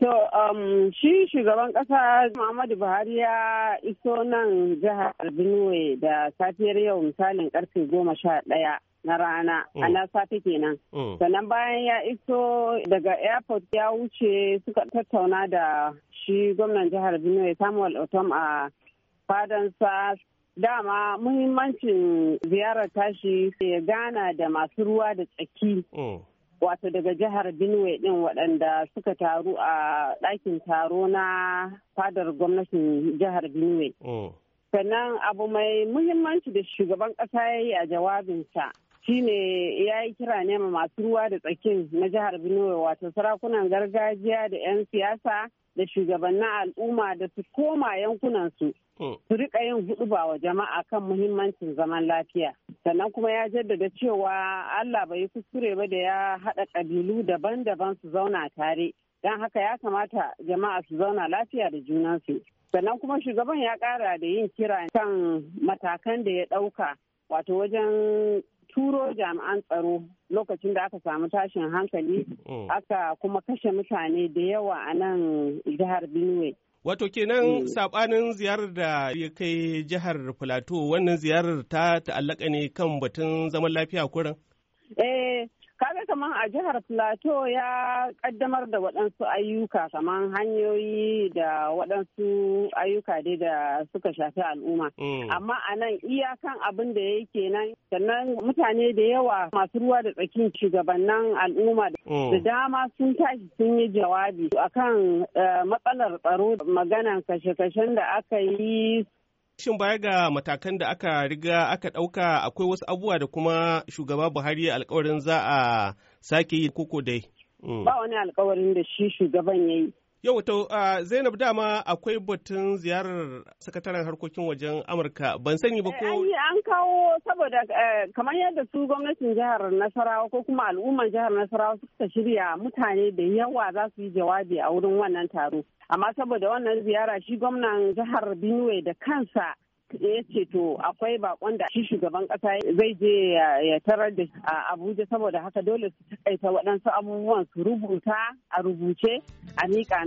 To, um, shi shugaban ƙasa Muhammadu Buhari ya iso nan jihar Benue da safiyar yau misalin karfe goma sha ɗaya na rana, mm. a na safe kenan. Mm. Sannan bayan ya iso daga airport ya wuce suka tattauna da shi gwamnan jihar Benue Samuel Otom a fadansa dama muhimmancin ziyarar tashi ya gana da masu ruwa da tsaki. Mm. wato daga jihar Benue din waɗanda suka taru a ɗakin taro na fadar gwamnatin jihar Benue. Oh. Sannan abu mai muhimmanci da shugaban ƙasa ya yi a jawabinsa shine ya yi kira ne ma masu ruwa da tsakin na jihar Benue wato sarakunan gargajiya da 'yan siyasa da shugabannin al'umma da su koma yankunansu hmm. su rika yin huduba wa jama'a kan muhimmancin zaman lafiya sannan kuma ya jaddada cewa Allah bai yi kuskure ba da ya haɗa ƙabilu daban-daban su zauna tare don haka ya kamata jama'a su zauna lafiya da junansu sannan kuma shugaban ya ƙara da yin kira kan matakan da ya ɗauka wato wajen turo jami'an tsaro lokacin da aka samu tashin hankali mm. aka kuma kashe mutane da yawa a nan jihar Benue. Wato kenan mm. sabanin ziyarar da ya kai jihar Plateau wannan ziyarar ta ta'allaka ne kan batun zaman lafiya kurin? Eh, kaga kamar a jihar Plateau ya kaddamar da waɗansu ayyuka kamar hanyoyi da waɗansu ayyuka dai da suka shafi al'umma. Mm. Amma a nan iyakan abin da yake nan sannan mutane da yawa masu ruwa da tsakin shugabannin al'umma da mm. dama sun tashi sun yi jawabi akan eh, matsalar tsaro maganan kashe-kashen da aka yi Shin baya ga matakan da aka riga aka ɗauka akwai wasu abubuwa da kuma shugaba Buhari alkawarin za a sake yi koko dai? Mm. Ba wani alkawarin da shi shugaban ya yi. Yau to Zainab dama akwai batun ziyarar sakataren harkokin wajen Amurka ban sani ba eh, ko. An kawo saboda eh, kamar yadda su gwamnatin jihar nasarawa ko kuma al'ummar jihar nasarawa suka shirya mutane da yawa za su yi jawabi a wurin wannan taro amma saboda wannan ziyara shi gwamnan jihar benue da kansa ya ce to akwai bakon da shi shugaban kasa zai je ya tarar da abuja saboda haka dole su takaita waɗansu abubuwan su rubuta a rubuce a miƙa